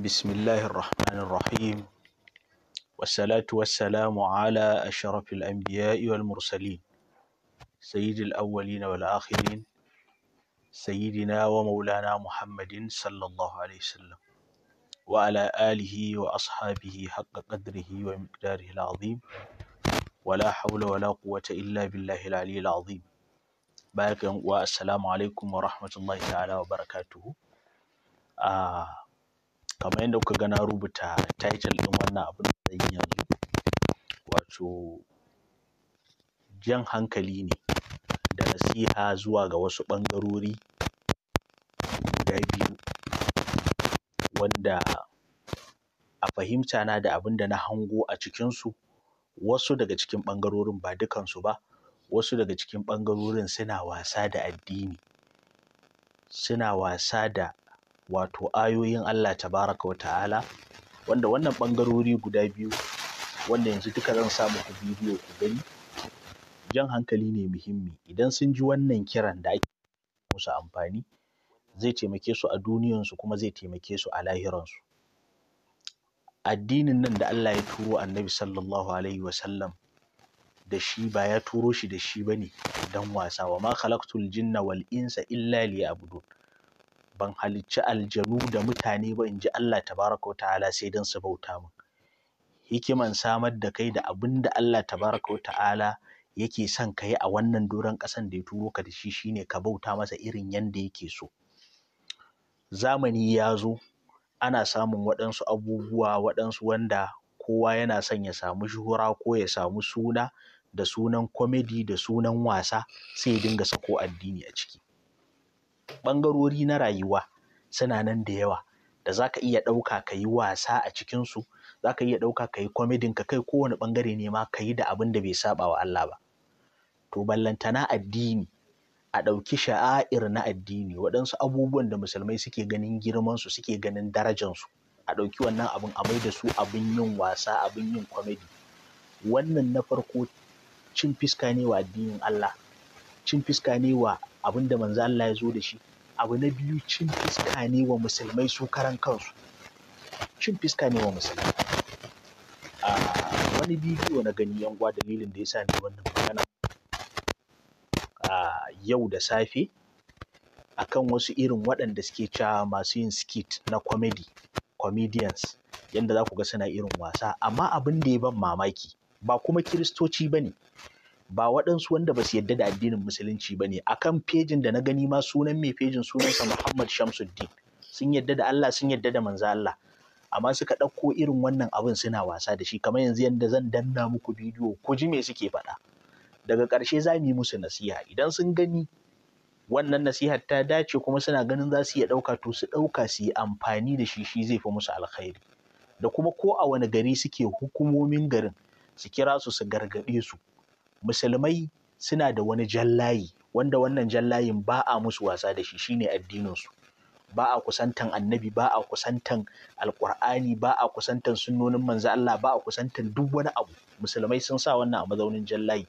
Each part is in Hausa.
بسم الله الرحمن الرحيم والصلاة والسلام على أشرف الأنبياء والمرسلين سيد الأولين والآخرين سيدنا ومولانا محمد صلى الله عليه وسلم وعلى آله وأصحابه حق قدره ومقداره العظيم ولا حول ولا قوة إلا بالله العلي العظيم باكم والسلام عليكم ورحمة الله تعالى وبركاته آه kamar yadda kuka ga na rubuta title ɗin wannan abin da zan yi yanzu wato jan hankali ne da nasiha zuwa ga wasu ɓangarori guda biyu wanda a fahimta na da abin da na hango a cikinsu wasu daga cikin ɓangarorin ba dukansu ba wasu daga cikin ɓangarorin suna wasa da addini suna wasa da wato ayoyin Allah tabaraka wa ta'ala wanda wannan ɓangarori guda biyu wanda yanzu duka zan sa muku bidiyo ku gani jan hankali ne muhimmi idan sun ji wannan kiran da ake musu amfani zai taimake su a duniyansu kuma zai taimake su a lahiransu addinin nan da Allah ya turo annabi sallallahu alaihi wa sallam da shi ba ya turo shi da shi bane dan wasa wa ma khalaqtul jinna wal insa illa liya'budun ban halicci aljanu da mutane ba in ji Allah tabaraka wa ta'ala sai don su bauta min hikiman samar da kai da abin da Allah tabaraka wa ta'ala yake son ka yi a wannan doron ƙasan da ya turo ka da shi shine ka bauta masa irin yanda yake so zamani ya zo ana samun waɗansu abubuwa waɗansu wanda kowa yana son ya samu shuhura ko ya samu suna da sunan komedi da sunan wasa sai ya dinga sako addini a ciki ɓangarori na rayuwa suna nan da yawa da za ka iya ɗauka ka yi wasa a cikinsu, za ka iya ɗauka ka yi kwamidin, ka kai kowane ɓangare ne ma ka yi da abin da bai saɓa wa Allah ba. To ballantana addini a ɗauki sha'air na addini waɗansu abubuwan da musulmai suke ganin girmansu suke ganin darajansu a ɗauki wannan abin a maida su abin yin wasa abin yin kwamidi, Wannan na farko cin fiska ne wa addinin Allah, cin fiska ne wa abin da manzo Allah ya zo da shi abu na biyu cin fiska ne wa musulmai su karan kansu cin fiska ne wa musulmai a wani bidiyo na gani yan gwa dalilin da ya sa ni wannan magana a yau da safe akan wasu irin waɗanda suke cewa masu yin skit na comedy comedians yanda za ku ga suna irin wasa amma abin da ya ban mamaki ba kuma kiristoci ba ne ba waɗansu wanda ba su yadda da addinin musulunci ba ne A kan fejin da na gani ma sunan mai fejin sunansa Muhammad Shamsuddin sun yadda da Allah sun yadda da manzo Allah amma suka ɗauko irin wannan abin suna wasa da shi kamar yanzu yadda zan danna muku bidiyo ku ji me suke faɗa daga ƙarshe za mu yi musu nasiha idan sun gani wannan nasihar ta dace kuma suna ganin za su iya ɗauka to su ɗauka su yi amfani da shi shi zai fi musu alkhairi da kuma ko a wani gari suke hukumomin garin su kira su su gargaɗe su musulmai suna da wani jallayi wanda wannan jallayin ba a musu wasa da shi shine addininsu ba a kusantan annabi ba a kusantan alkur'ani ba a kusantan sunnonin manzo Allah ba a kusantan duk wani abu musulmai sun sa wannan a mazaunin jallayi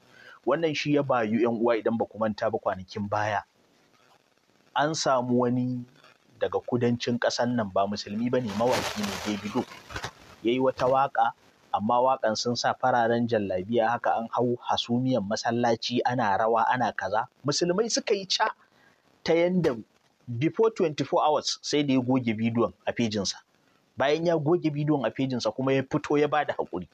wannan shi ya bayu yan uwa idan ba ku manta ba kwanakin baya an samu wani daga kudancin ƙasan nan ba musulmi ba ne mawaki ne Davido yayi wata waƙa amma waƙan sun sa fararen jallabiya haka an hau hasumiyan masallaci ana rawa ana kaza musulmai suka yi ca ta yanda before 24 hours sai da ya goge bidiyon a fejinsa bayan ya goge bidiyon a fejinsa kuma ya fito ya bada haƙuri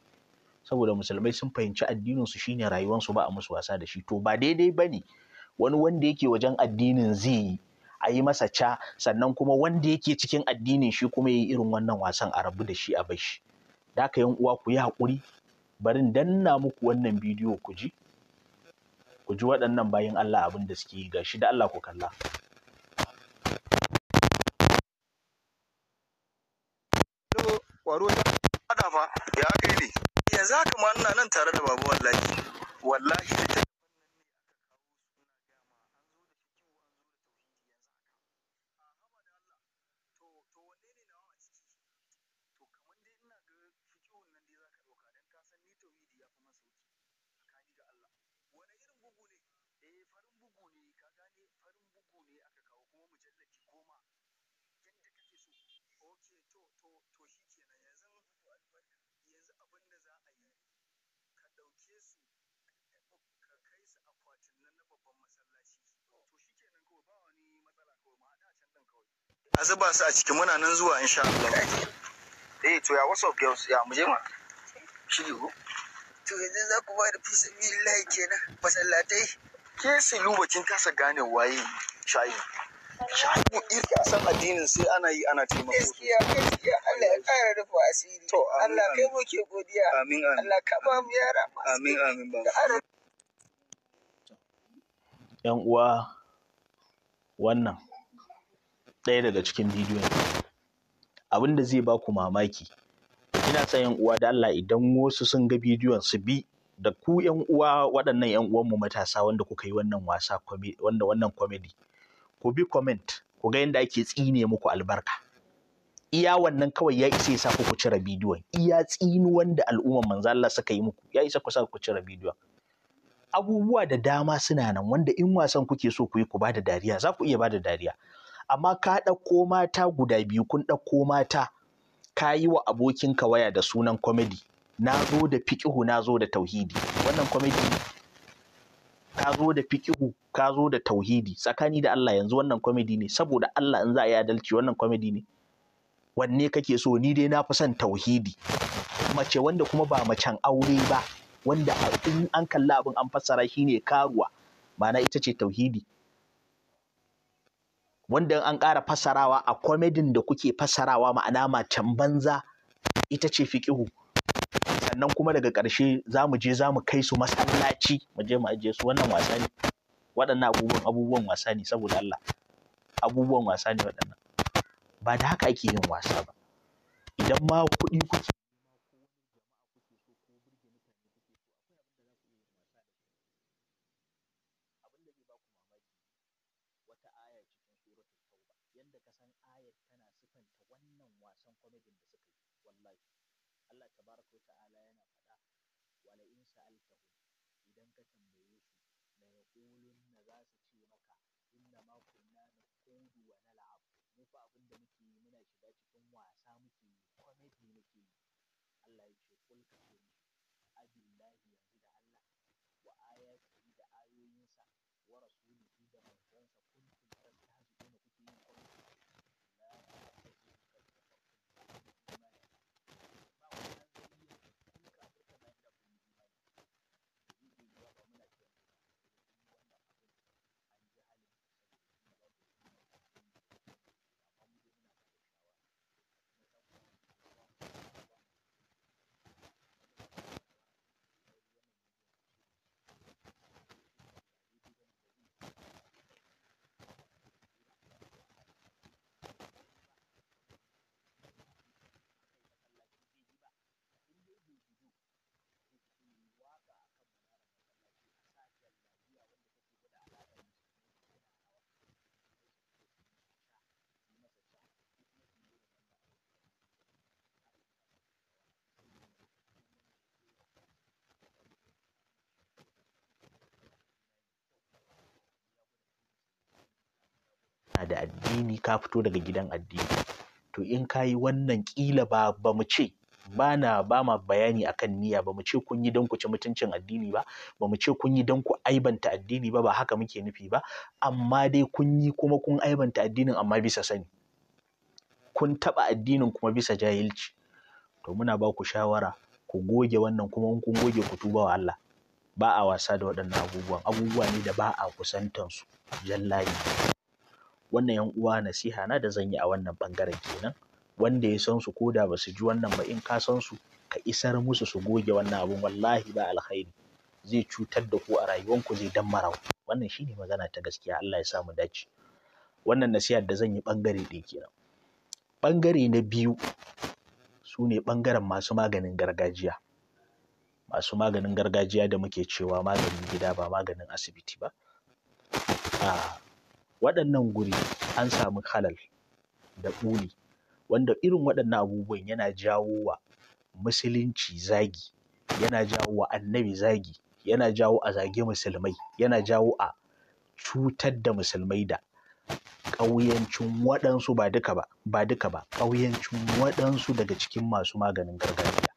saboda musulmai sun fahimci addininsu shine rayuwarsu ba a musu wasa da shi to ba daidai ba ne wani wanda yake wajen addinin zai yi a yi masa ca sannan kuma wanda yake cikin addinin shi kuma ya yi irin wannan wasan a rabu da shi a bashi shi da aka yan uwa ku yi haƙuri bari in danna muku wannan bidiyo ku ji ku ji waɗannan bayan Allah abin da suke ga shi da Allah ku kalla ya kai ne yanzu haka ma ina nan tare da babu wallahi wallahi ya masa sauki tsakani ga Allah wani irin bugu ne eh farin bugu ne ka gane farin bugu ne aka kawo kuma mujalladi goma yadda kake so ok to to to shi kenan yanzu yanzu abin da za a yi ka ɗauke su ka kai su akwatin nan na babban masallaci to shi kenan kawai ba wani matsala kawai ma haɗa can ɗin kawai a zuba su a ciki muna nan zuwa insha Allah eh to ya wasu girls ya muje ma shi ko to yanzu za ku ba da fisa lillahi kenan masallatai ke silu bakin kasa gane waye shayi shayi iri a san addinin sai ana yi ana taimako gaskiya gaskiya Allah ya kara rufa asiri to Allah kai ke godiya amin amin Allah ka ba mu yara amin amin ba yan uwa wannan ɗaya daga cikin bidiyon abin da zai ba ku mamaki ina son yan uwa da Allah idan wasu sun ga bidiyon su bi da ku yan uwa waɗannan yan uwanmu matasa wanda kuka yi wannan wasa wanda wannan comedy ku bi comment ku ga yadda ake tsine muku albarka iya wannan kawai ya isa ya sa ku cire bidiyon iya tsinuwan da al'umman manzo Allah suka yi muku ya isa ku sa ku cire bidiyon abubuwa da dama suna nan wanda in wasan kuke so ku yi ku bada dariya za ku iya ba da dariya amma ka ɗauko mata guda biyu kun ɗauko mata ka yi wa abokinka waya da sunan comedy na zo da fiƙihu na zo da tauhidi wannan comedy ka zo da fiƙihu ka zo da tauhidi tsakani da Allah yanzu wannan comedy ne saboda Allah in za a yi adalci wannan comedy ne wanne kake so ni dai na fi son tauhidi mace wanda kuma ba macen aure ba wanda in an kalla abin an fassara shine karuwa ma'ana ita ce tauhidi wanda an ƙara fasarawa a komedin da kuke fasarawa ma'ana macen banza ita ce fiƙihu sannan kuma daga ƙarshe za mu je za mu kai su masallaci mu je mu ajiye su wannan wasa ne waɗannan abubuwan abubuwan wasa ne saboda Allah abubuwan wasa ne waɗannan ba da haka ake yin wasa ba idan ma kuɗi kuke ka tambaye su na za su ce maka inna ma kunna nakudu wa nal'ab mu fa abin da muke yi muna shiga cikin wasa muke yi komedi muke yi Allah ya ce kul ka ce abillahi yanzu da Allah wa ayatihi da ayoyinsa wa rasuli da addini ka fito daga gidan addini to in ka yi wannan kila ba ba mu ce bana ba ma bayani akan niyya ba mu ce kun yi don ku ci mutuncin addini ba ba mu ce kun yi don ku aibanta addini ba ba haka muke nufi ba amma dai kun yi kuma kun aibanta addinin amma bisa sani kun taɓa addinin kuma bisa jahilci to muna ba ku shawara ku goge wannan kuma in kun goge ku tuba wa Allah ba a wasa da waɗannan abubuwan abubuwa ne da ba a kusantansu jallayi wannan yan uwa nasiha na da zan yi a wannan ɓangaren kenan wanda ya san su ko da ba su ji wannan ba in ka san su ka isar musu su goge wannan abun wallahi ba alkhairi zai cutar da ku a rayuwarku zai dammara ku wannan shine magana ta gaskiya Allah ya sa mu dace wannan nasihar da zan yi ɓangare ɗaya kenan ɓangare na biyu su ne ɓangaren masu maganin gargajiya masu maganin gargajiya da muke cewa maganin gida ba maganin asibiti ba a ah, waɗannan guri an samu halal da ɓuli wanda irin waɗannan abubuwan yana jawo wa musulunci zagi yana jawo wa annabi zagi yana jawo a zage musulmai yana jawo a cutar da musulmai da ƙauyancin waɗansu ba duka ba ba duka ba ƙauyancin waɗansu daga cikin masu maganin gargajiya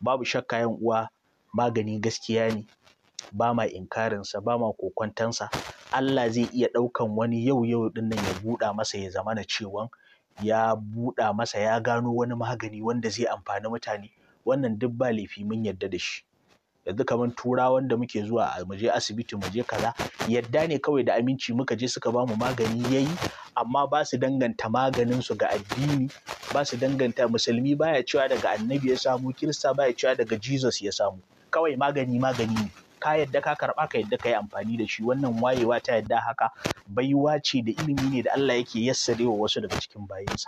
babu shakka yan uwa magani gaskiya ne ba ma inkarinsa ba ma sa Allah zai iya ɗaukan wani yau yau ɗin nan ya buɗa masa ya zama na cewan ya buɗa masa ya gano wani magani wanda zai amfani mutane wannan duk ba laifi mun yadda da shi yanzu kamar turawan da muke zuwa a muje asibiti muje kaza yadda ne kawai da aminci muka je suka bamu magani yayi amma ba su danganta maganin su ga addini ba su danganta musulmi baya cewa daga annabi ya samu kirista baya cewa daga jesus ya samu kawai magani magani ne ka yadda ka karɓa ka yadda ka yi amfani da shi wannan wayewa ta yadda haka baiwa ce da ilimi ne da Allah yake yassare wa wasu daga cikin bayansa.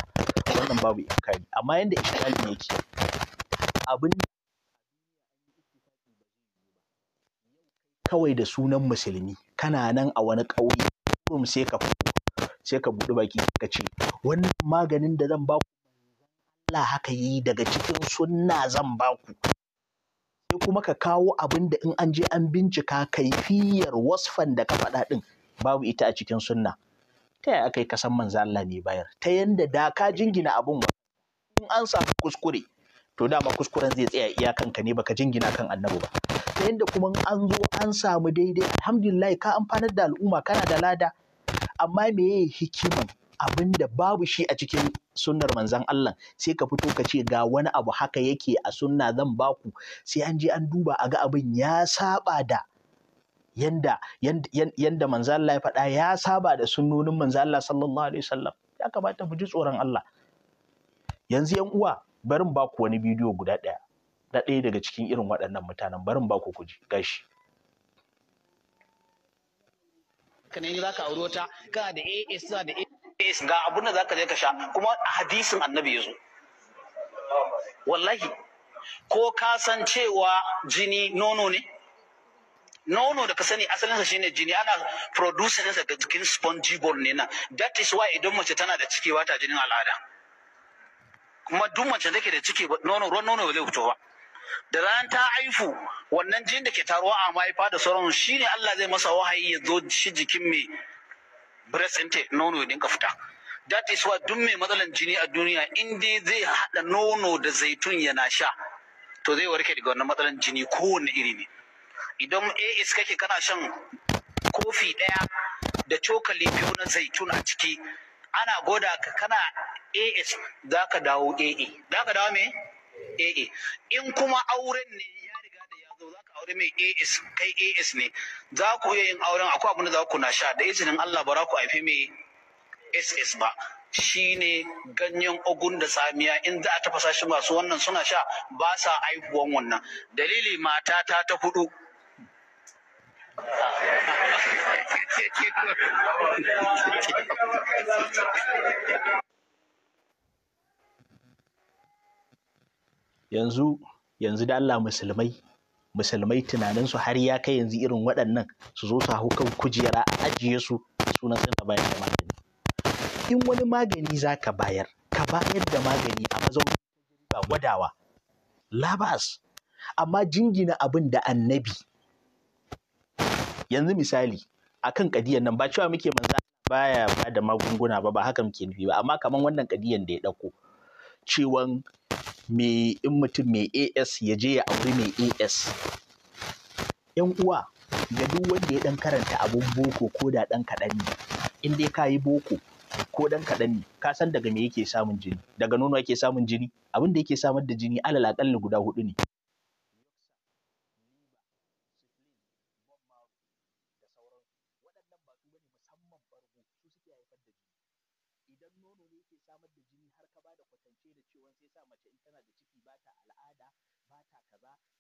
wannan babu inkari amma yanda iskali yake abin kawai da sunan musulmi kana nan a wani ƙauye kurum sai ka sai ka buɗi baki ka ce wannan maganin da zan ba ku Allah haka yi daga cikin sunna zan ba ku sai kuma ka kawo abin da in an je an bincika kaifiyar wasfan da ka faɗa ɗin babu ita a cikin sunna ta yaya aka yi kasan manzo Allah ne bayar ta yanda da ka jingina abin in an samu kuskure to dama kuskuren zai tsaya iya kanka ne baka jingina kan annabi ba ta yanda kuma an zo an samu daidai alhamdulillah ka amfanar da al'umma kana da lada amma meye hikiman abin da babu shi a cikin sunnar manzan Allah sai ka fito ka ce ga wani abu haka yake a sunna zan baku sai an je an duba a ga abin ya saba da yanda yanda manzan Allah ya faɗa ya saba da sunnonin manzan Allah sallallahu alaihi wasallam ya kamata mu ji tsoron Allah yanzu yan uwa barin baku wani bidiyo guda ɗaya na ɗaya daga cikin irin waɗannan mutanen barin baku ku ji gashi kana ne zaka auro ta kana da A suna da A is ga abun da zaka je ka sha kuma a hadisin annabi ya zo. wallahi ko ka san cewa jini nono ne nono da ka sani asalin asalinsa shine jini ana producing sa ga jikin spongy bone ne na that is why idan mace tana da ciki wata jinin al'ada kuma duk mace da ke da ciki nono ruwan nono ba zai fito ba da ran ta haifu wannan jini da ke taruwa a mahaifa da sauran shine Allah zai masa wahayi ya zo shi jikin mai breast intake nono ya dinka fita that is why duk mai matsalan jini a duniya in dai zai haɗa nono da zaitun yana sha to zai warke daga wannan matsalan jini kowane iri ne idan AS kake kana shan kofi ɗaya da cokali biyu na zaitun a ciki ana goda ka kana AS za ka dawo AA za ka dawo me AA in kuma auren ne ya aure mai AS kai AS ne za ku iya yin auren akwai abin da za ku na sha da izinin Allah ba za ku haifi mai SS ba shine ganyen ogun da tsamiya in za a tafasa shi masu wannan suna sha ba sa aihuwan wannan dalili mata ta ta hudu yanzu yanzu da Allah musulmai musulmai tunaninsu har ya kai yanzu irin waɗannan su zo su hau kan kujera a ajiye su sunan suna bayar da magani in wani magani za ka bayar ka bayar da magani a mazaunin ba gwadawa labas amma jingina abin da annabi yanzu misali akan kadiyan nan ba cewa muke manza baya ba da magunguna ba ba haka muke nufi ba amma kamar wannan kadiyan da ya ɗauko cewan me in mutum mai as ya je ya auri mai as yan uwa ga duk wanda ya ɗan karanta abun boko ko da dan kaɗan ne in dai ka yi boko ko ɗan kaɗan ne ka san daga me yake samun jini daga nono yake samun jini abin da yake samar da jini alal aƙalla guda huɗu ne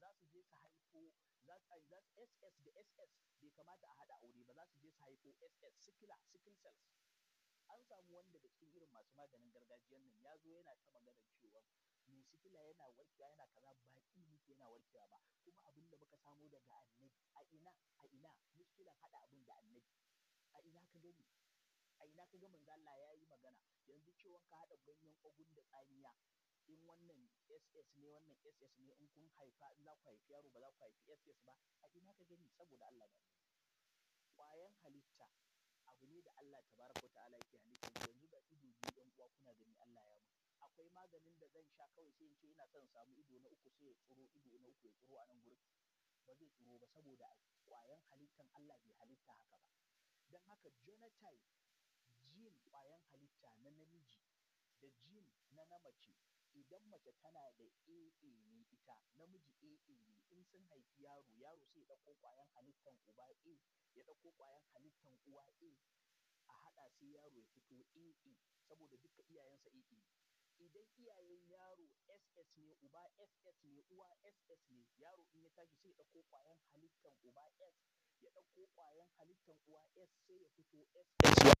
za su je su haifo za su ss da ss bai kamata a haɗa aure ba za su je su haifo ss sikila sickle cells an samu wanda da cikin irin masu maganin gargajiyan nan ya zo yana ta maganar cewa mai sikila yana warkewa yana kaza baki muke yana warkewa ba kuma abin da muka samo daga annabi a ina a ina mushkilan haɗa abin da annabi a ina ka gani a ina ka ga manzo Allah ya yi magana yanzu cewa ka haɗa ganyen ogun da tsamiya in wannan ss ne wannan ss ne in kun haifa in za ku haifi yaro ba za ku haifi ss ba a ina ka gani saboda Allah da kwayan halitta abu ne da Allah tabaraka wa ta'ala yake halitta yanzu da ido biyu ɗan uwa kuna gani Allah ya mu akwai maganin da zan sha kawai sai in ce ina son samu ido na uku sai ya tsiro ido na uku ya tsiro a nan gurin ba zai tsiro ba saboda kwayan halittan Allah bai halitta haka ba don haka genotype jin kwayan halitta na namiji da jin na na mace idan mace tana da AA ne ita namiji AA ne in sun haifi yaro yaro sai ya ɗauko ƙwayan halittan uba A ya ɗauko ƙwayan halittan uwa A a haɗa sai yaro ya fito AA saboda duka iyayensa AA ne. Idan iyayen yaro SS ne uba SS ne uwa SS ne yaro in ya tashi sai ya ɗauko ƙwayan halittan uba S ya ɗauko ƙwayan halittan uwa S sai ya fito SS ya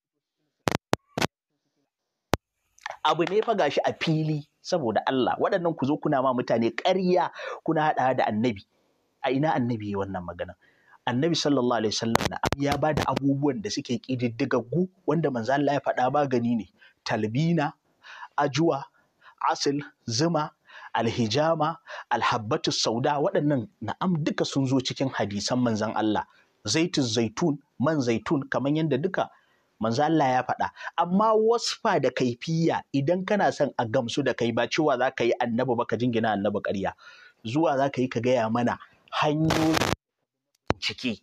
abu ne fa gashi a fili saboda Allah waɗannan ku zo kuna ma mutane ƙarya kuna haɗa da annabi a ina annabi ya wannan magana annabi sallallahu alaihi wasallam ya ba da abubuwan da suke ƙididdigaggu wanda manzo Allah ya faɗa magani ne talbina ajuwa asil zuma alhijama alhabbatu sauda waɗannan na'am duka sun zo cikin hadisan manzon Allah zaitun zaitun man zaitun kamar yadda duka manzo Allah ya faɗa amma wasfa da kaifiya idan kana son a gamsu da kai ba cewa za ka yi annabi ba ka jingina annabi ƙarya zuwa za ka yi ka gaya mana hanyoyi ciki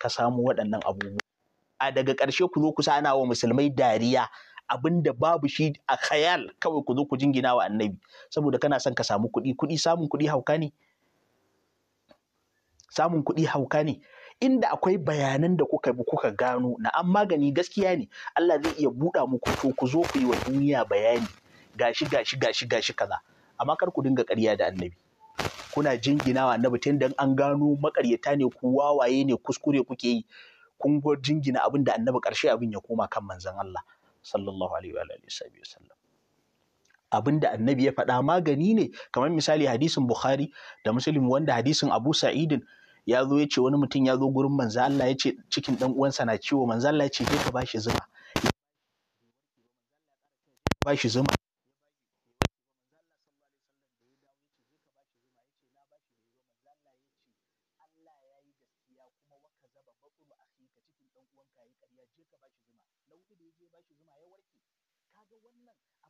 ka samu waɗannan abubuwa a daga ƙarshe ku zo ku ana wa musulmai dariya abinda babu shi a khayal kawai ku zo ku jingina wa annabi saboda kana son ka samu kuɗi kuɗi samun kuɗi hauka ne samun kuɗi hauka ne inda akwai bayanan da kuka bi kuka gano na an magani gaskiya ne Allah zai iya buɗa muku to ku zo ku yi wa duniya bayani gashi gashi gashi gashi kaza amma kar ku dinga ƙarya da annabi kuna jinginawa annabi tun dan an gano makaryata ne ku wawaye ne kuskure kuke yi kun go jingina abin da annabi ƙarshe abin ya koma kan manzon Allah sallallahu alaihi wa alihi wasallam abin da annabi ya faɗa magani ne kamar misali hadisin Bukhari da Muslim wanda hadisin Abu Sa'idin ya zo ya ce wani mutum ya zo gurin manzo Allah ya ce cikin dan uwansa na ciwo manzo Allah ya ce kai ka bashi zuma bashi zuma wannan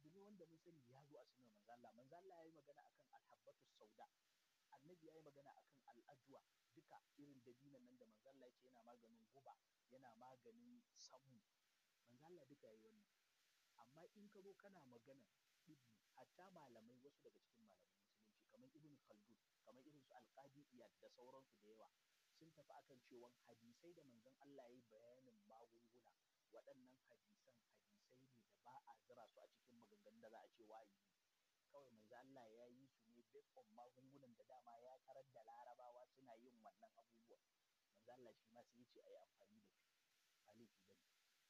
abu ne wanda mun sani ya zo a sunan manzo Allah ya yi magana akan alhabbatu sauda annabi ya yi magana akan al'ajuwa duka irin dabinan nan da Manzalla Allah yana maganin guba yana maganin samu Manzalla Allah duka yi wannan amma in ka zo kana magana ibnu hatta malamai wasu daga cikin malamai musulunci kamar ibnu khaldun kamar irin su alqadi iyad da sauransu da yawa sun tafi akan cewa hadisai da manzon Allah ya yayi bayanin magunguna waɗannan hadisan hadisai ne da ba a zira su a cikin maganganun da za a ce wayi kawai manzon Allah ya yi based magungunan da dama ya karar da larabawa suna yin wannan abubuwan manzo Allah shi ma sai ce ayi amfani da su ba laifi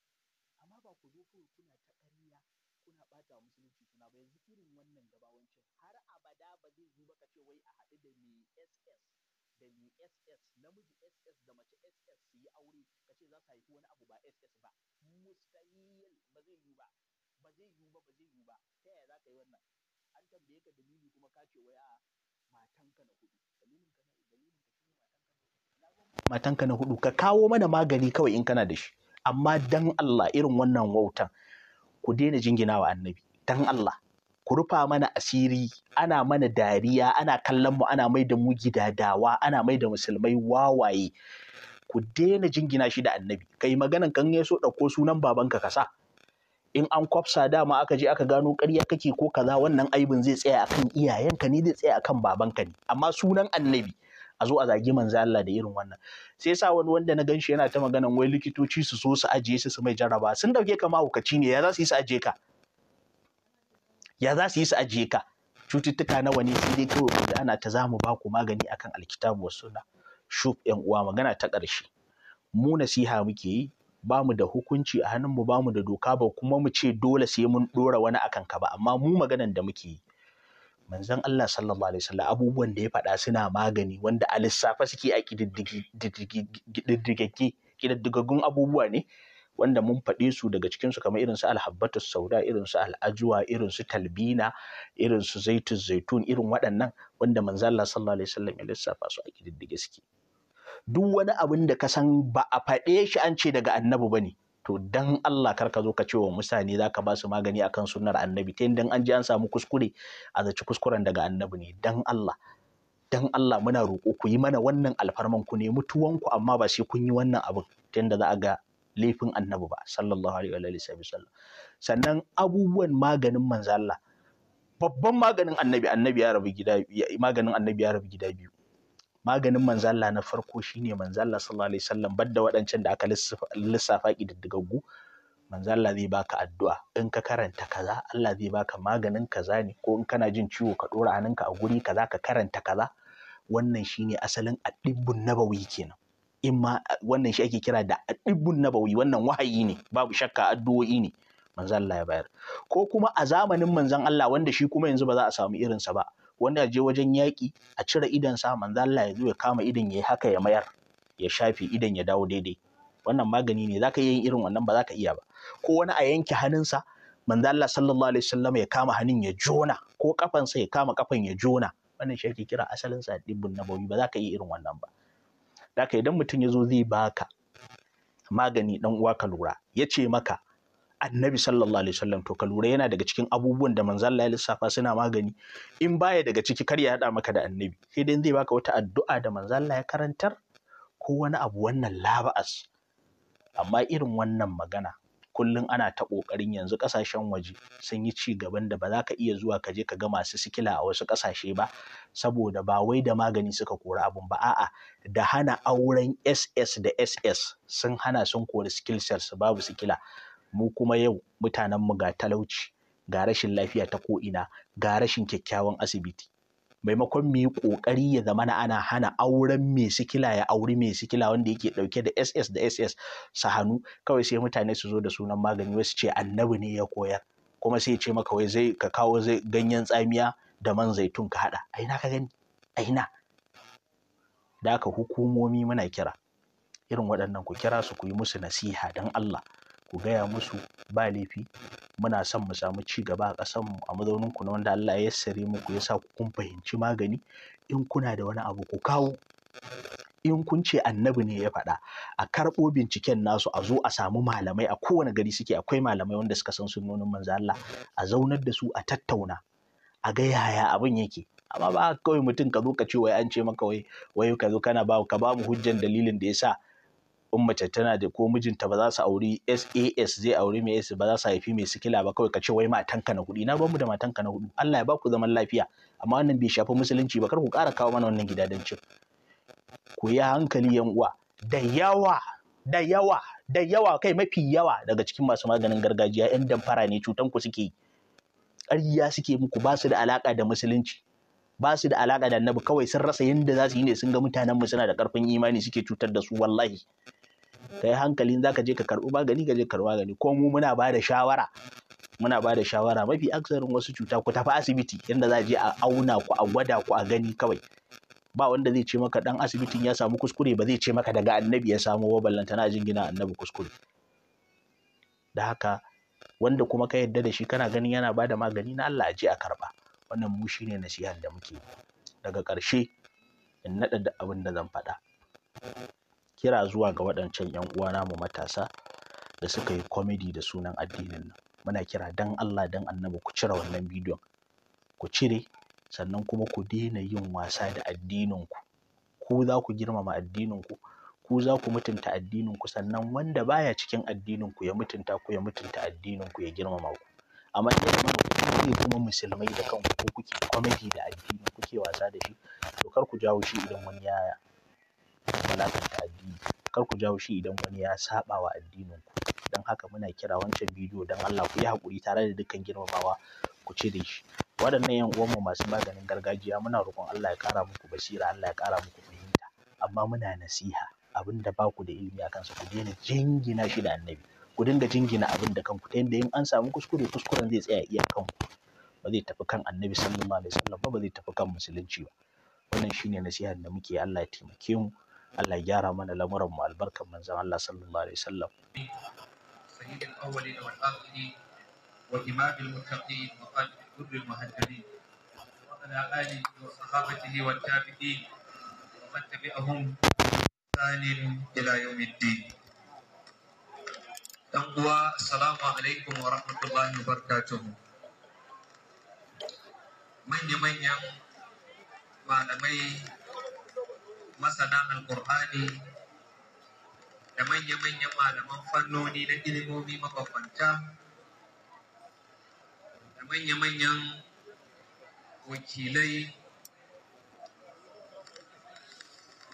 amma ba ku zo kawai kuna ta ƙarya kuna ɓata wa musulunci suna ba yanzu irin wannan gabawancin har abada ba zai zo ba ka ce wai a haɗu da mai SS da mai SS namiji SS da mace SS su yi aure ka ce za su haifi wani abu ba SS ba mustahil ba zai yiwu ba ba zai yiwu ba ba zai yiwu ba ta yaya za ka yi wannan an tambaye ka dalili kuma ka ce a matanka na hudu dalilin ka dalilin ka matanka na hudu ka kawo mana magani kawai in kana da shi amma dan Allah irin wannan wautan ku daina jinginawa annabi dan Allah ku rufa mana asiri ana mana dariya ana kallon mu ana mai da mu gidadawa ana mai da musulmai wawaye ku daina jingina shi da annabi kai maganan kan yaso dauko sunan babanka ka sa in an kwafsa dama aka je aka gano ƙarya kake ko kaza wannan aibin zai tsaya akan iyayenka ne zai tsaya akan babanka ne amma sunan annabi a zo a zagi manzo Allah da irin wannan sai yasa wani wanda na ganshi yana ta magana, wai likitoci su so su ajiye su su mai jaraba sun dauke ka mahaukaci ne ya za su yi su ajiye ka ya za su yi su ajiye ka cututtuka nawa ne sai dai kawai da ana ta zamu ba ku magani akan alkitabu wasu sunna shuf yan uwa magana ta ƙarshe mu nasiha muke yi ba mu da hukunci a hannun mu ba mu da doka ba kuma mu ce dole sai mun dora wani akan ka ba amma mu maganan da muke yi manzon Allah sallallahu alaihi wasallam abubuwan da ya faɗa suna magani wanda a lissafa suke a kididdigaggun abubuwa ne wanda mun faɗe su daga cikin su kamar irin su alhabbatus sauda irin su al'ajuwa irin su talbina irin su zaitun zaitun irin waɗannan wanda manzon Allah sallallahu alaihi wasallam ya lissafa su a kididdige suke duk wani abin da ka san ba a faɗe shi an ce daga annabi ba ne to dan Allah kar ka zo ka ce wa mutane za ka ba su magani akan sunnar annabi ta yadda an je an samu kuskure a zaci kuskuren daga annabi ne dan Allah dan Allah muna roƙo ku yi mana wannan alfarman ku ne mutuwanku amma ba sai kun yi wannan abin ta yadda za a ga laifin annabi ba sallallahu alaihi wa sallam sannan abubuwan maganin manzo Allah babban maganin annabi annabi ya rabu gida maganin annabi ya rabu gida biyu maganin manzalla na farko shine manzalla sallallahu alaihi wasallam waɗancan da aka lissafa ƙididdigaggu manzalla zai baka addu'a in ka karanta kaza Allah zai baka maganin kaza ne ko in kana jin ciwo ka dora aninka a guri kaza ka karanta kaza wannan shine asalin adibbun nabawi kenan in ma wannan shi ake kira da adibbun nabawi wannan wahayi ne babu shakka addu'o'i ne manzon ya bayar ko kuma a zamanin manzon Allah wanda shi kuma yanzu ba za a samu irinsa ba wanda je wajen yaƙi a cire idonsa manzo Allah ya zo ya kama idon yayi haka ya mayar ya shafe idon ya dawo daidai wannan magani ne zaka iya yin irin wannan ba zaka iya ba ko wani a yanke hannunsa manzo Allah sallallahu alaihi wasallam ya kama hannun ya jona ko kafansa ya kama kafan ya jona wannan shi ake kira asalin sa dibbun nabawi ba zaka iya irin wannan ba zaka idan mutum ya zo zai baka magani dan uwa ka lura ya ce maka annabi sallallahu alaihi wasallam to ka lura yana daga cikin abubuwan da manzon Allah ya lissafa suna magani in baya daga ciki kar ya hada maka da annabi sai dai zai baka wata addu'a da manzon Allah ya karantar ko wani abu wannan laba'as amma irin wannan magana kullum ana ta ƙoƙarin yanzu ƙasashen waje sun yi ci gaban da ba za ka iya zuwa ka je ka ga masu sikila a wasu ƙasashe ba saboda ba wai da magani suka kori abun ba a'a da hana auren SS da SS sun hana sun kori skill babu sikila mu kuma yau mutanen mu ga talauci ga rashin lafiya ta ko'ina ga rashin kyakkyawan asibiti maimakon mu yi ƙoƙari ya zama na ana hana auren mai sikila ya auri mai sikila wanda yake ɗauke da ss da ss sa hannu kawai sai mutane su zo da sunan magani wasu ce annabi ne ya koyar kuma sai ce maka wai zai ka kawo zai ganyen tsamiya da man zaitun ka haɗa aina ka gani aina da haka hukumomi muna kira irin waɗannan ku kira su ku yi musu nasiha don Allah ku gaya musu ba laifi muna son mu samu ci gaba a ƙasar mu a mazaunin ku na wanda Allah ya yassare muku ya sa ku kun fahimci magani in kuna da wani abu ku kawo in kun ce annabi ne ya faɗa a karɓo binciken nasu a zo a samu malamai a kowane gari suke akwai malamai wanda suka san sunnonin manzo Allah a zaunar da su a tattauna a ga yaya abin yake amma ba kawai mutum ka zo ka ce wai an ce maka wai wai ka zo kana ba ka ba mu hujjan dalilin da ya sa? in mace tana da ko mijinta ba za su auri SAS zai auri mai S ba za su haifi mai sikila ba kawai ka ce wai ka na hudu na bamu da matanka na hudu Allah ya ba ku zaman lafiya amma wannan bai shafi musulunci ba kar ku ƙara kawo mana wannan gidadancin ku yi hankali yan uwa da yawa da yawa da yawa kai mafi yawa daga cikin masu maganin gargajiya yan damfara ne cutan ku suke ƙarya suke muku ba su da alaka da musulunci ba su da alaka da annabi kawai sun rasa yadda za su yi ne sun ga mutanen suna da ƙarfin imani suke cutar da su wallahi ka yi hankali, za ka je ka karɓi magani ka je ka karɓi magani ko mu muna ba da shawara muna ba da shawara mafi aksarin wasu cuta ku tafi asibiti yadda za a je a auna ku a gwada ku a gani kawai ba wanda zai ce maka dan asibitin ya samu kuskure ba zai ce maka daga annabi ya samu wa jin gina annabi kuskure da haka wanda kuma ka yarda da shi kana ganin yana ba da magani na Allah a je a karɓa wannan mu shine nasihar da muke daga ƙarshe in naɗa da abin da zan faɗa kira zuwa ga waɗancan ƴan uwa namu matasa da suka yi comedy da sunan addinin nan muna kira dan Allah dan annabi ku cire wannan bidiyon ku cire sannan kuma ku daina yin wasa da addininku ku za ku girmama addinin ku za ku mutunta ku sannan wanda baya cikin addinin ku ya mutunta ku ya mutunta addinin ku ya girmama ku amma idan kuma kuke kuma musulmai da kanku ko kuke comedy da addini kuke wasa da shi to kar ku jawo shi idan wani ya wulaƙanta addini kar ku ja haushi idan wani ya saɓa wa addininku don haka muna kira wancan bidiyo don Allah ku yi haƙuri tare da dukkan girmamawa ku cire shi waɗannan yan uwanmu masu maganin gargajiya muna roƙon Allah ya ƙara muku basira Allah ya ƙara muku fahimta amma muna nasiha abin da ba ku da ilimi a kansa ku daina jingina shi da annabi ku dinga jingina abin da kanku ta yadda in an samu kuskure kuskuren zai tsaya iya kanku ba zai tafi kan annabi sallallahu alaihi wasallam ba zai tafi kan musulunci ba wannan shine nasihar da muke Allah ya taimake mu Allah ya gyara mana lamuran mu albarkan manzon Allah sallallahu alaihi wasallam sayyidul awwalin wal akhirin wa imamul muttaqin wa qadrul muhaddidin wa ala alihi wa sahabatihi wa tabi'in wa man tabi'ahum ihsanin ila yawmiddin dan uwa assalamu alaikum wa rahmatullahi wa barakatuh manya-manyan malamai masana alkur'ani da manya-manyan malaman fannoni na ilimomi mabambanta da manya-manyan wakilai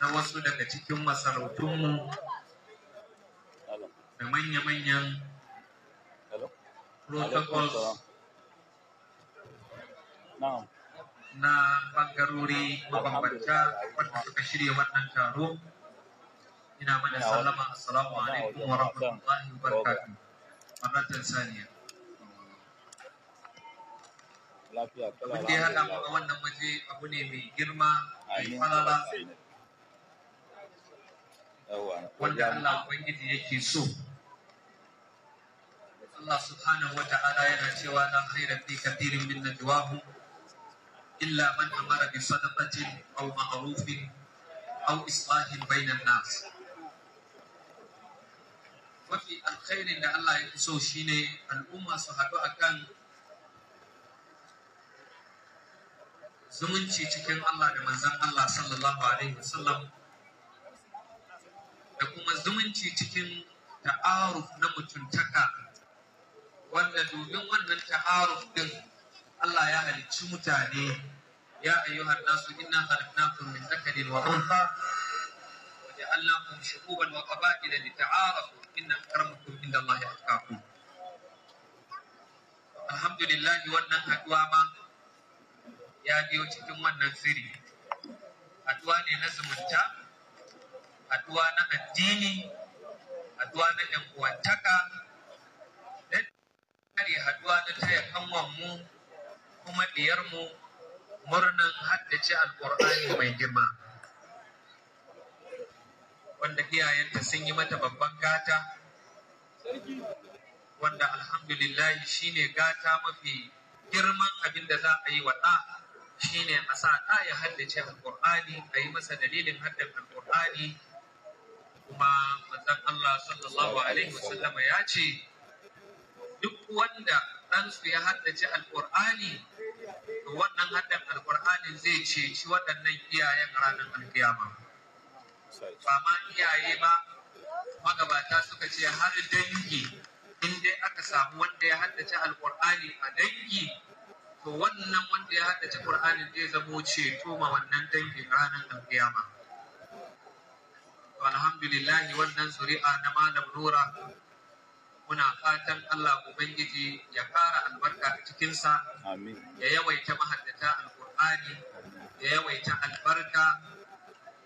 na wasu daga cikin masarautunmu da manya-manyan protocols na bangarori mabambanta wanda suka shirya wannan taro ina mana salama, assalamu alaikum wa rahmatullahi wa barakatuh wannan tanzania wanda ya haɗa mu wannan waje abu ne mai girma mai falala wanda Allah Ubangiji yake so Allah subhanahu wa ta'ala yana cewa na khairan fi kathirin min najwahum illa man amara bi sadaqatin aw ma'rufin aw islahin bainan nas mafi alkhairin da Allah ya fi so shine al'umma su haɗu akan zumunci cikin Allah da manzan Allah sallallahu alaihi wasallam da kuma zumunci cikin ta'aruf na mutuntaka wanda domin wannan ta'aruf ɗin. Allah ya halicci mutane ya ayyuhan nasu inna khalaqnakum min dhakarin wa untha wa ja'alnakum shu'uban wa qaba'ila lita'arafu inna akramakum inda Allah atqakum alhamdulillah wannan haduwa ma ya biyo cikin wannan sirri haduwa ne na zumunta haduwa na addini haduwa na yan uwantaka haduwa na taya kanwan mu kuma mu murnan haddace alƙur'ani mai girma wanda iyayenta sun yi mata babban gata wanda alhamdulillahi shine gata mafi girman abin da za a yi wa ɗa shine a sa ɗa ya haddace alƙur'ani a yi masa dalilin haddace alkur'ani kuma manzon Allah sallallahu alaihi wasallama ya ce duk wanda ɗansu ya haddace alkur'ani to wannan hadin alkur'ani zai ceci waɗannan iyayen ranar alkiyama ba ma iyaye ba magabata suka ce har dangi in dai aka samu wanda ya haddace alkur'ani a dangi to wannan wanda ya haddace qur'ani zai zamo ceto ma wannan dangin ranar alkiyama alhamdulillahi wannan zuri'a na malam nura muna fatan Allah Ubangiji ya kara albarka a cikinsa ya yawaita mahaddata alkur'ani ya yawaita albarka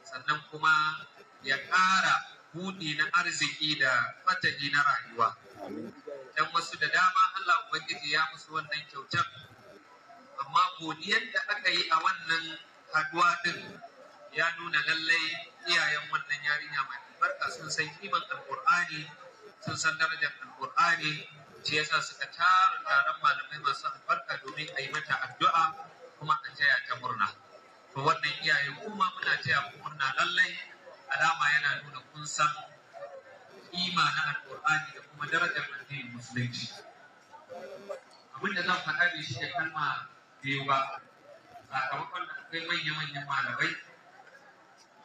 sannan kuma ya ƙara buɗi na arziki da fatani na rayuwa don wasu da dama Allah Ubangiji ya musu wannan kyautar amma godiyar da aka yi a wannan haduwa din ya nuna lallai iyayen wannan yarinya mai albarka sun san kiman alkur'ani sun san darajar alƙur'ani shi yasa suka tara taron malamai masu albarka domin a yi mata addu'a kuma a taya ta murna to wannan iyaye kuma muna taya ku murna lallai alama yana nuna kun san kima na alƙur'ani da kuma darajar addinin musulunci abin da zan faɗa da shi da kalma biyu ba sakamakon da akwai manya-manyan malamai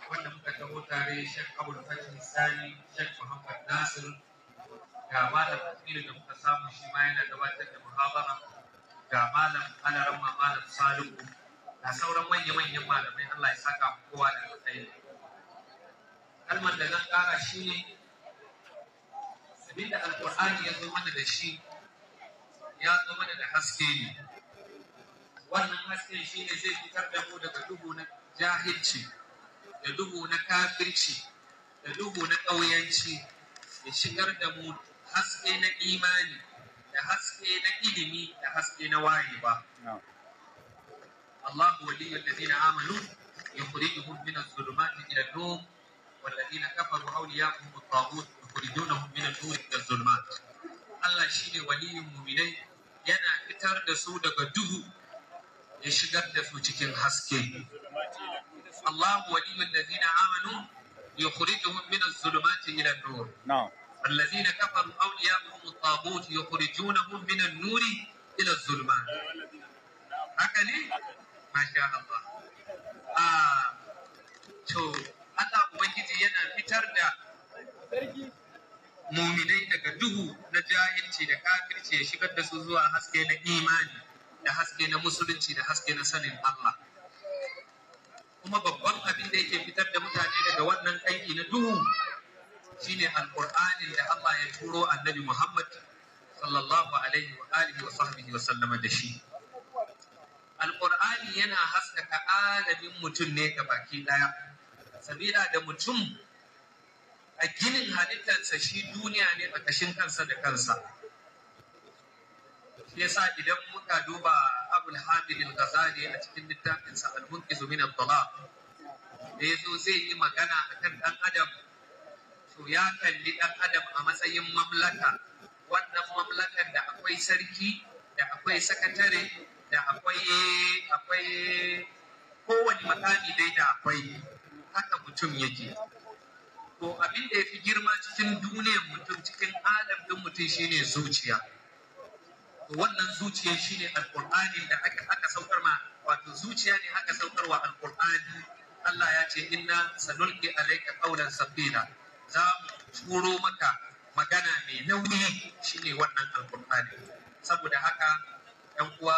wanda muka taho tare abu abul fashin sani shan muhammad Nasiru. ga malam asirin da muka samu shi ma yana gabatar da muhabara ga malam alaran ma malam salihu da sauran manya-manyan malamai Allah ya saka kowa da alkhairi kalmar da zan kara shi ne abinda alkur'ani ya zo mana da shi ya zo mana da haske ne wannan hasken shi ne zai fitar da mu daga duhu na jahilci da duhu na kafirci da duhu na ƙauyanci ya shigar da mu haske na imani da haske na ilimi da haske na wayewa Allah waliyyul ladina amanu yukhrijuhum min adh-dhulumati ila an-nur ya كفروا أولياؤهم الطاغوت يخرجونهم من النور إلى الظلمات Allah shi ne shine waliyin muminai yana fitar da su daga duhu ya shigar da su cikin haske Allah waliyul ladina amanu yukhrijuhum min adh-dhulumati ila an-nur الذين كفروا أولياءهم الطاغوت يخرجونهم من النور إلى الظلمات هكذا ما شاء الله آه تو ubangiji yana fitar da muminai daga duhu na jahilci da kafirci ya shigar da su zuwa haske na imani da haske na musulunci da haske na sanin Allah kuma babban abin da yake fitar da mutane daga wannan aiki na duhu shine alqur'anin da Allah ya turo annabi Muhammad sallallahu alaihi wa alihi wa sahbihi wa sallama da shi Alƙur'ani yana haskaka alamin mutum ne ga baki daya Sabida da mutum a ginin halittarsa shi duniya ne a kashin kansa da kansa yasa idan muka duba abul hamid al-ghazali a cikin littafinsa al-munqiz min ad da yazo zai yi magana akan dan adam to ya kalli ɗan adam a matsayin mamlaka wannan mamlakan da akwai sarki da akwai sakatare da akwai akwai kowane makami dai da akwai haka mutum yake to abin da ya fi girma cikin duniyar mutum cikin adam din mutum shine zuciya to wannan zuciya shine alqur'ani da aka saukar ma wato zuciya ne aka saukar wa alqur'ani Allah ya ce inna sanulqi alayka qawlan sabila za mu turo maka magana mai nauyi shine wannan alkur'ani saboda haka yan uwa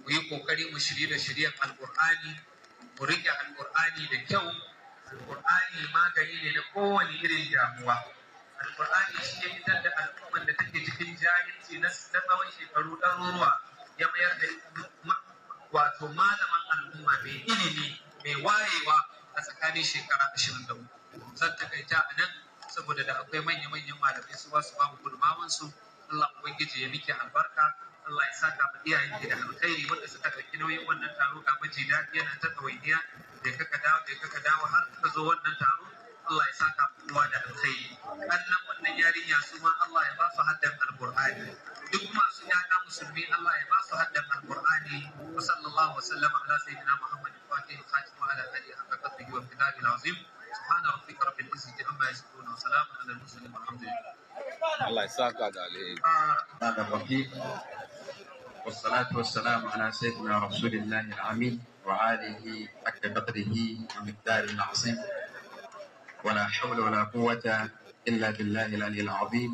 mu yi kokari mu shirye da shiryen alkur'ani mu rike alkur'ani da kyau alkur'ani magani ne na kowane irin damuwa alkur'ani shi ya fitar da al'ummar da take cikin jahilci na tsawon shekaru ɗaruruwa ya mayar da wato malaman al'umma mai ilimi mai wayewa a tsakanin shekara ashirin da uku zan takaita a nan saboda da akwai manya-manyan malamai su wasu babu gudumawan su Allah ubangiji ya miki albarka Allah ya saka mu iyayen ki da alkhairi wanda suka dauki nauyin wannan taro ga maji da yana ta ɗawainiya da kaka dawo da kaka dawo har ka zo wannan taro Allah ya saka mu uwa da alkhairi annan wannan yarinya su ma Allah ya ba su haddan alqur'ani duk masu yada musulmi Allah ya ba su haddan alqur'ani wa sallallahu wa sallama ala sayyidina Muhammadin wa alihi wa sahbihi wa ala alihi wa sahbihi wa subhana rabbika rabbil izzati amma yasifun wa salamun alal mursalin walhamdulillah Allah ya saka da alheri Allahur rahim والصلاة والسلام على سيدنا رسول الله العميد وآله حق قدره ومقداره العظيم ولا حول ولا قوة إلا بالله العلي العظيم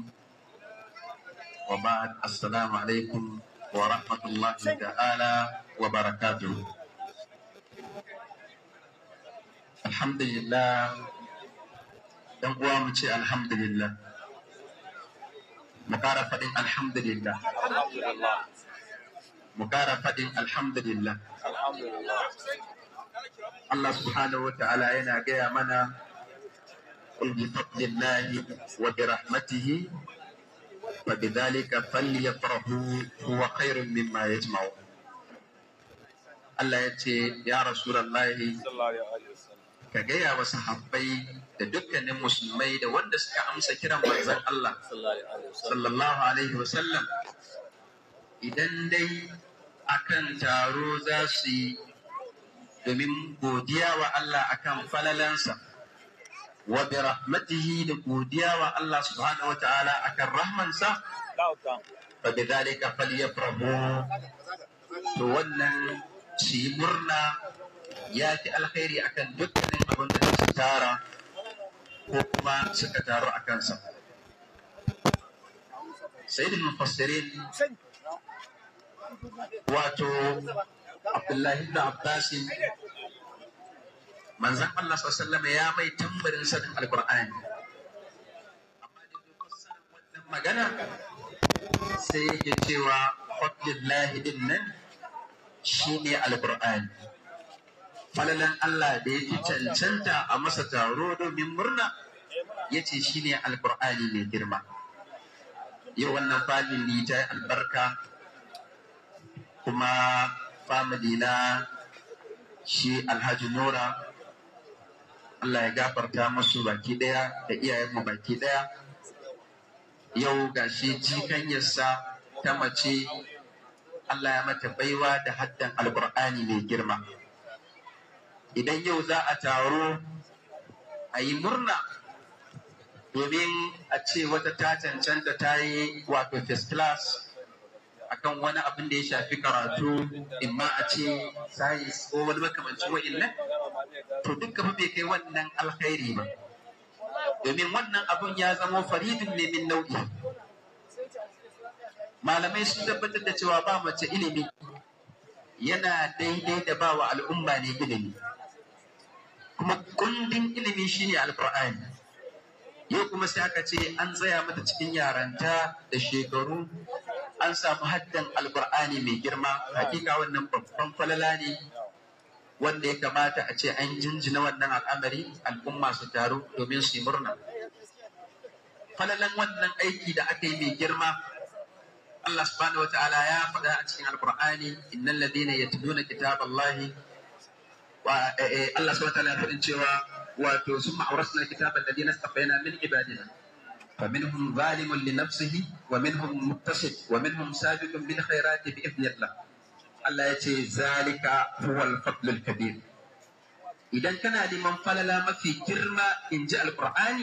وبعد السلام عليكم ورحمة الله تعالى وبركاته alhamdulillah ɗan uwa mu ce alhamdulillah mu ƙara faɗin alhamdulillah mu ƙara faɗin alhamdulillah Allah subhanahu wa ta'ala yana gaya mana قل بفضل الله وبرحمته فبذلك فليفرحوا هو خير Allah ya ce ya ka gaya wa sahabbai da dukkanin musulmai da wanda suka amsa kiran manzon Allah sallallahu alaihi wasallam idan dai akan taro za su yi domin godiya wa Allah akan falalansa wa bi rahmatihi da godiya wa Allah subhanahu wataala akan rahmansa fa bi dhalika falyafrahu to wannan shi murna ya fi alkhairi akan dukkanin abin da su tara ko kuma suka taru a kansa sayyidul mufassirin wato abdullahi ibn abbasin manzan Allah sallallahu alaihi ya mai tambarin sanin alqur'ani amma da fassarar wannan magana sai yake cewa fadlillahi din nan shine alqur'ani falalan Allah da ya fi cancanta a masa taro domin murna ya ce shi ne alkur'ani mai girma yau wannan famili ta yi albarka kuma famili na shi alhaji nora Allah ya gafarta masu baki daya da iyayenmu baki daya yau ga shi jikanyarsa ta mace Allah ya mata baiwa da haddan alkur'ani mai girma idan yau za a taro a yi murna domin a ce wata ta cancanta ta yi wato first class akan wani abin da ya shafi karatu imma a ce science ko wani makamancin nan, to duka fa bai kai wannan alkhairi ba domin wannan abun ya zama faridin ne min nau'i malamai sun tabbatar da cewa ba mace ilimi yana daidai da bawa al'umma ne ilimi kuma kundin ilimi shine alkur'ani yau kuma sai aka ce an tsaya mata cikin yaranta da shekaru an samu haddan alkur'ani mai girma hakika wannan babban falala ne wanda ya kamata a ce an jinjina wannan al'amari al'umma su taru domin su yi murna falalan wannan aiki da aka yi mai girma Allah subhanahu wa ta'ala ya faɗa a cikin alkur'ani innal ladina yatluna kitaballahi Allah subhanahu wataala ya faɗin cewa wato summa awrasna kitaban ladina istafayna min ibadina فمنهم ظالم لنفسه ومنهم مقتصد ومنهم سابق بالخيرات بإذن الله الله يتي ذلك هو الفضل الكبير إذا كان لمن فلل ما في جرمة إن جاء القرآن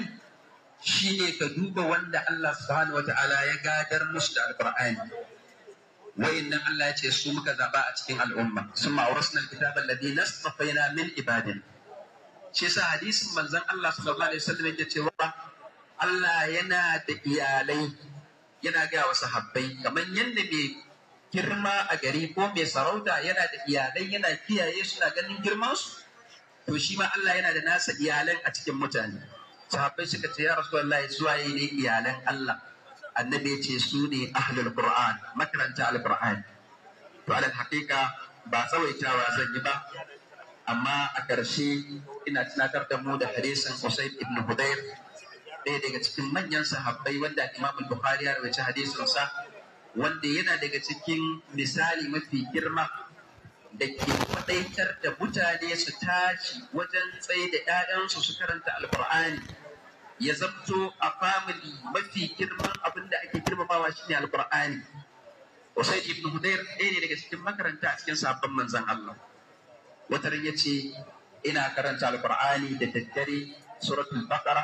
شيني كدوب وند الله سبحانه وتعالى يقادر مشت القرآن wayannan Allah ya ce su muka zaba a cikin al'umma summa awrasna alkitaba alladhi nasafaina min ibadin shi yasa hadisin manzon Allah sallallahu alaihi wasallam yake cewa Allah yana da iyalai yana ga wa sahabbai kamar yanda mai girma a gari ko mai sarauta yana da iyalai yana kiyaye suna ganin girman su to shi ma Allah yana da nasa iyalai a cikin mutane sahabbai suka ce ya rasulullahi zuwa ne iyalan Allah annabi ya ce su ne ahlul qur'an makaranta alqur'an to alal haqiqa ba tsawaitawa zan yi ba amma a ƙarshe ina tunatar da mu da hadisin usaid ibn Hudayr ɗaya daga cikin manyan sahabbai wanda Imam Bukhari ya rubuta hadisin sa wanda yana daga cikin misali mafi girma da ke faɗaitar da mutane su tashi wajen tsaye da 'ya'yansu su karanta alkur'ani ya zamto a famili mafi girman abin da ake girmamawa shine alqur'ani Usai ibn hudayr ɗaya ne daga cikin makaranta a cikin sabon manzon Allah Watan ya ce ina karanta alqur'ani da daddare suratul baqara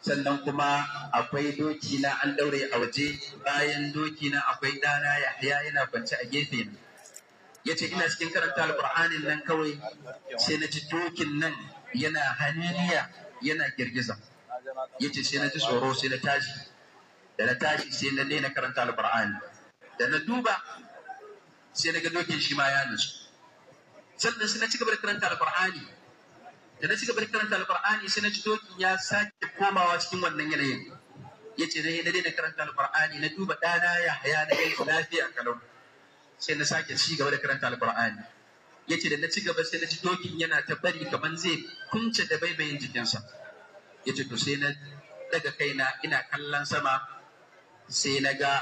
sannan kuma akwai doki na an daure a waje bayan doki na akwai ɗana haya yana kwance a gefe na yace ina cikin karanta alqur'anin nan kawai sai na ji dokin nan yana haniniya yana girgiza yace sai na ji tsoro sai na tashi da na tashi sai na daina karanta alqur'ani da na duba sai na ga dokin shi ma ya nutsu sannan sai na ci gaba da karanta alqur'ani da na ci gaba da karanta alqur'ani sai na ji dokin ya sake komawa cikin wannan yanayin yace na na daina karanta alqur'ani na duba dana ya haya na ga lafiya kalau sai na sake ci gaba da karanta alqur'ani yace da na ci gaba sai na ji dokin yana ta bari kamar zai kunce da baibayin jikinsa ya ce to sai na daga kaina ina kallon sama sai na ga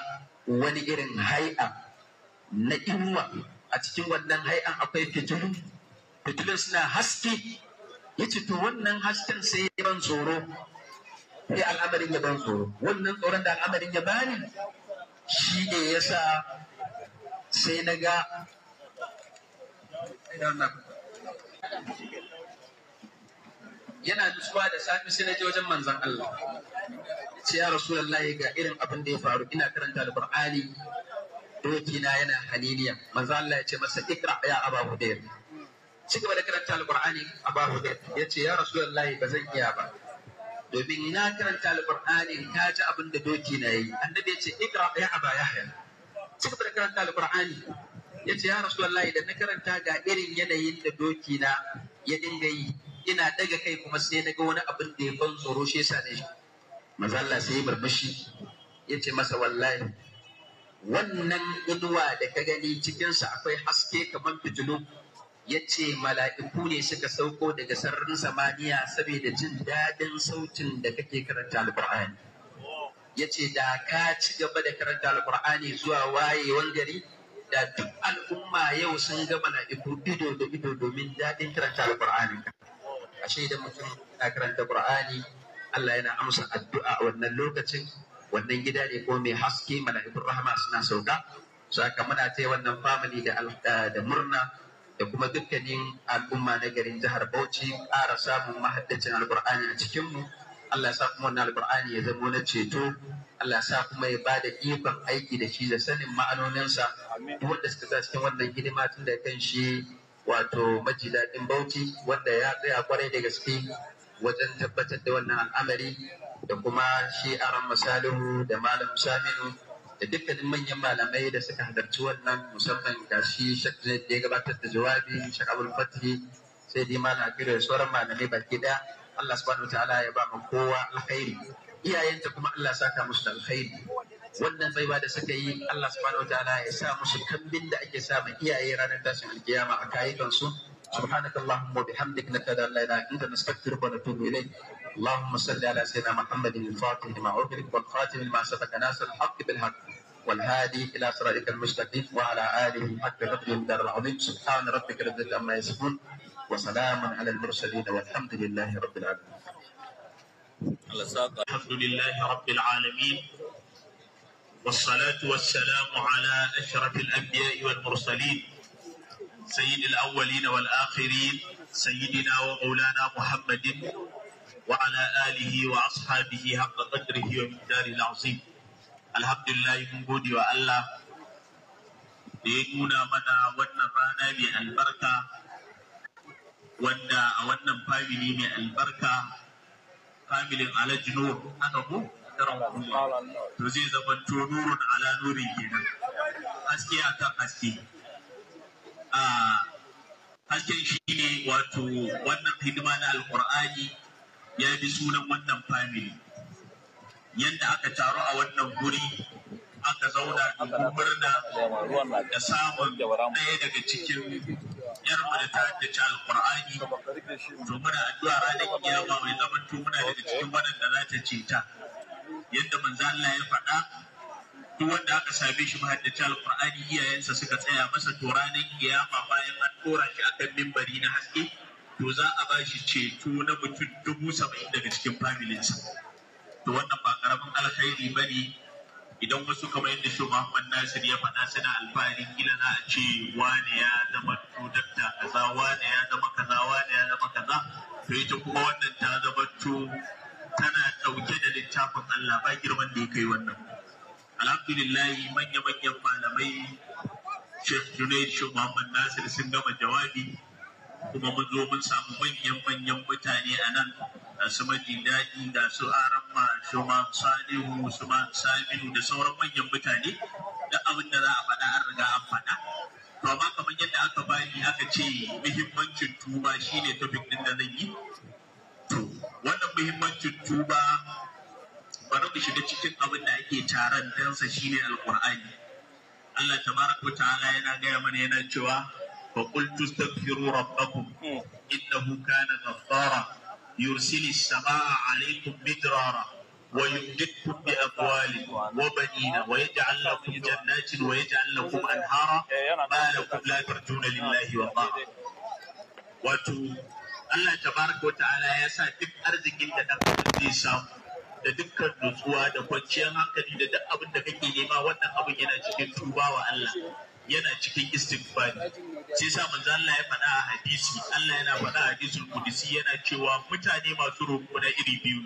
wani irin hai'a na inuwa a cikin wannan hai'an akwai fitilu fitilun suna haske ya ce to wannan hasken sai ya ban tsoro sai al'amarin ya ban tsoro wannan tsoron da al'amarin ya bani shi ne ya sa sai na ga yana nutsuwa da safi sai na je wajen manzan Allah ce ya rasulullahi ga irin abin da ya faru ina karanta alqur'ani doki na yana haniliya manzan Allah ya ce masa ikra ya aba hudayr ci gaba da karanta alqur'ani aba hudayr ya ce ya rasulullahi ba zan iya ba domin na karanta alqur'ani ka ji abin da doki na yi annabi ya ce ikra ya aba yahya ci gaba da karanta alqur'ani ya ce ya rasulullahi da na karanta ga irin yanayin da doki na ya dinga yi ina daga kai kuma sai na ga wani abin da ya ban tsoro shi yasa ne shi Allah sai ya barbashi yace masa wallahi wannan inuwa da ka gani cikinsa akwai haske kamar fitilu ya ce mala'iku ne suka sauko daga sararin samaniya saboda jin daɗin sautin da kake karanta alƙur'ani ya ce da ka ci gaba da karanta alƙur'ani zuwa wayewan gari da duk al'umma yau sun ga mala'iku ido da ido domin daɗin karanta alƙur'ani ashe idan mutum ya karanta Qur'ani Allah yana amsa addu'a a wannan lokacin wannan gida ne ko mai haske mala'ikun rahama suna sauka saka muna ta wannan family da da murna da kuma dukkanin al'umma na garin jihar Bauchi ƙara samun mahaddacin alqur'ani a cikin mu Allah ya sa kuma wannan alqur'ani ya zama na ceto Allah ya sa kuma ya bada ikon aiki da shi da sanin ma'anoninsa duk wanda suka sa cikin wannan gidima tun da kan shi wato maji daɗin bauchi wanda ya tsaya kwarai da gaske wajen tabbatar da wannan al'amari da kuma shi aran masalihu da malam saminu da dukkanin manyan malamai da suka halarci wannan musamman ga shi shakzai da ya gabatar da jawabi shakabul fatihi sai dai malam akiru da sauran malamai baki ɗaya Allah subhanahu wa ta'ala ya ba mu kowa alkhairi iyayenta kuma Allah saka musu da alkhairi wannan baiwa da suka yi Allah subhanahu wataala ya sa musu kambin da ake sa mai iyaye ranar tashin alkiyama a kayukan su سبحانك اللهم وبحمدك نشهد ان لا اله الا انت نستغفرك ونتوب اليك اللهم صل على سيدنا محمد الفاتح لما اغلق والخاتم لما سبق ناصر الحق بالحق والهادي الى صراطك المستقيم وعلى اله حق قدره الدار العظيم سبحان ربك رب العزه عما يصفون وسلام على المرسلين والحمد لله رب العالمين. الحمد لله رب العالمين والصلاة والسلام على أشرف الأنبياء والمرسلين سيد الأولين والآخرين سيدنا ومولانا محمد وعلى آله وأصحابه حق قدره ومقداره العظيم الحمد لله من gode wa Allah da ya nuna mana wannan rana mai albarka wanda a wannan famili mai albarka familin alajinu aka mu karan to zai zama to nurun ala nuri kenan haske akan haske a ah, hasken shi ne wato wannan hidima na alkur'ani ya bi sunan wannan family yadda aka taru a wannan guri aka zauna domin murna da samun ɗaya daga cikin yarmu da ta ci alkur'ani to muna addu'a ranar kiyama mai zaman to muna daga cikin waɗanda za ta ce ta yadda manzo Allah ya faɗa duk wanda aka same shi mahaddaci alqur'ani iyayensa suka tsaya masa turanin ranar kiyama bayan an dora shi akan mimbari na haske to za a ba shi ceto na mutum dubu saba'in daga cikin familinsa to wannan ba karamin alkhairi ba ne idan wasu kamar yadda shi Muhammad Nasir ya faɗa suna alfaharin kila za a ce wane ya zama tudatta kaza wane ya zama kaza wane ya zama kaza to ita kuma wannan ta zama tana ɗauke da littafin Allah ba girman da ya kai wannan alhamdulillahi manya-manyan malamai Sheikh Junaid Sheikh Muhammad Nasir sun gama jawabi kuma mun zo mun samu manyan-manyan mutane a nan da su maji daɗi da su aramma ma salihu ma saminu da sauran manyan mutane da abin da za a faɗa an riga an faɗa to amma kamar yadda aka bani aka ce muhimmancin tuba shine topic din da zan yi To, wannan muhimmancin tuba bari ku shiga cikin abin da ake taron dansa shine alkur'ani Allah tabaraka ta'ala yana gaya mana yana cewa fa qul tastaghfiru rabbakum innahu kana ghaffara yursilu as-samaa'a 'alaykum midrara wa yumdidkum bi amwalin wa banina wa yaj'al lakum jannatin wa yaj'al lakum anhara ma lakum la tarjuna lillahi wa wato Allah tabaraka wa ta'ala ya sa duk arzikin da dan adam zai samu da dukkan nutsuwa da kwanciyar hankali da duk abin da kake nema wannan abin yana cikin tubawa Allah yana cikin istighfari sai sa manzo Allah ya faɗa a hadisi Allah yana faɗa a hadisul qudsi yana cewa mutane masu roƙo na iri biyu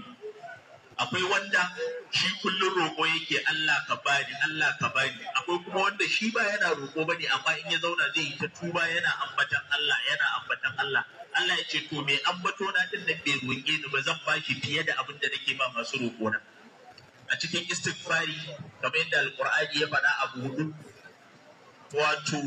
akwai wanda shi kullum roƙo yake Allah ka bani Allah ka bani akwai kuma wanda shi ba yana roƙo bane amma in ya zauna zai yi ta tuba yana ambatan Allah yana ambatan Allah Allah ya ce to an bato na din nan bai roƙe ni ba zan bashi fiye da abin da nake ba masu roƙo na a cikin istighfari kamar yadda alqur'ani ya faɗa abu hudu wato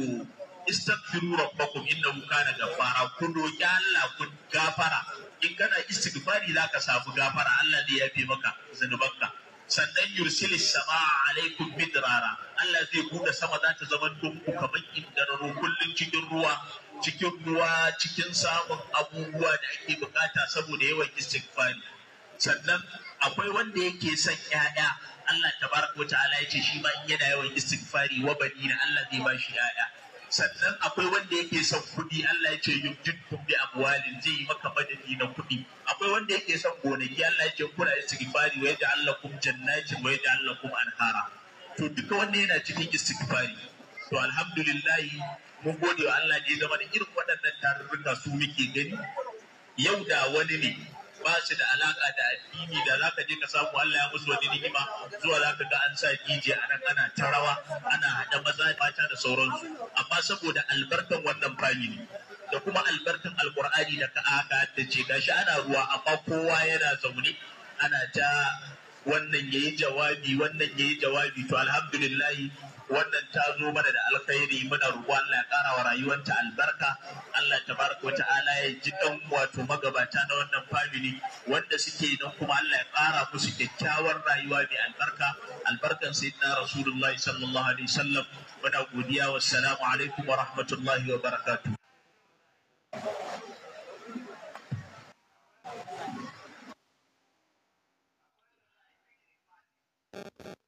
istaghfiru rabbakum innahu kana ghaffara ku roƙi Allah ku gafara in kana istighfari zaka samu gafara Allah ne ya fi maka zanubanka sannan yursil sama alaikum midrara Allah zai buɗe sama za ta zama dukku kamar indararo kullun cikin ruwa cikin ruwa cikin samun abubuwa da ake bukata saboda yawan istighfari sannan akwai wanda yake son ƴaƴa Allah tabaraka ta'ala ya ce shi ma in yana yawan istighfari wa na Allah zai ba shi ƴaƴa sannan akwai wanda yake son kuɗi Allah ya ce yumjidkum bi abwalin zai yi maka madadi na kuɗi akwai wanda yake son gonaki Allah ya ce kuna istighfari wa yaj'al lakum jannatin wa yaj'al lakum anhara to duka wanda yana cikin istighfari to alhamdulillah mun gode wa Allah da ya zama da irin waɗannan tarurruka su muke gani yau da wani ne ba shi da alaka da addini da za ka je ka samu Allah ya musu wani ni'ima zuwa za ka ga an sa DJ a nan ana ta rawa ana haɗa maza da mata da sauransu amma saboda albarkan wannan family da kuma albarkan alkur'ani da ka aka da ce gashi ana ruwa amma kowa yana zaune ana ta wannan yayi jawabi wannan yayi jawabi to alhamdulillahi wannan ta zo mana da alkhairi muna roƙo Allah ya ƙara wa rayuwarta albarka Allah tabaraka wa ta'ala ya ji dan wato magabata na wannan family wanda suke nan kuma Allah ya ƙara musu kyakkyawar rayuwa mai albarka albarkan sayyidina rasulullahi sallallahu alaihi wasallam muna godiya assalamu alaikum wa rahmatullahi wa barakatuh Thank you.